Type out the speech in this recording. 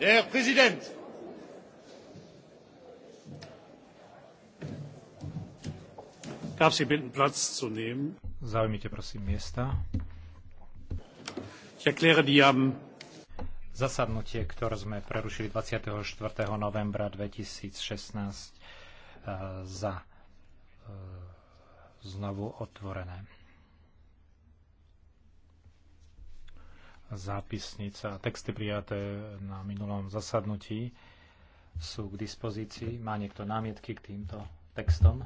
herr präsident! darf ich sie bitten platz zu nehmen? zaujmite prosím miesta. ich erkläre die am zasadnutie, ktoré sme prerušili 24. novembra 2016 eh, za eh, znovu otvorené. zápisnica a texty prijaté na minulom zasadnutí sú k dispozícii. Má niekto námietky k týmto textom?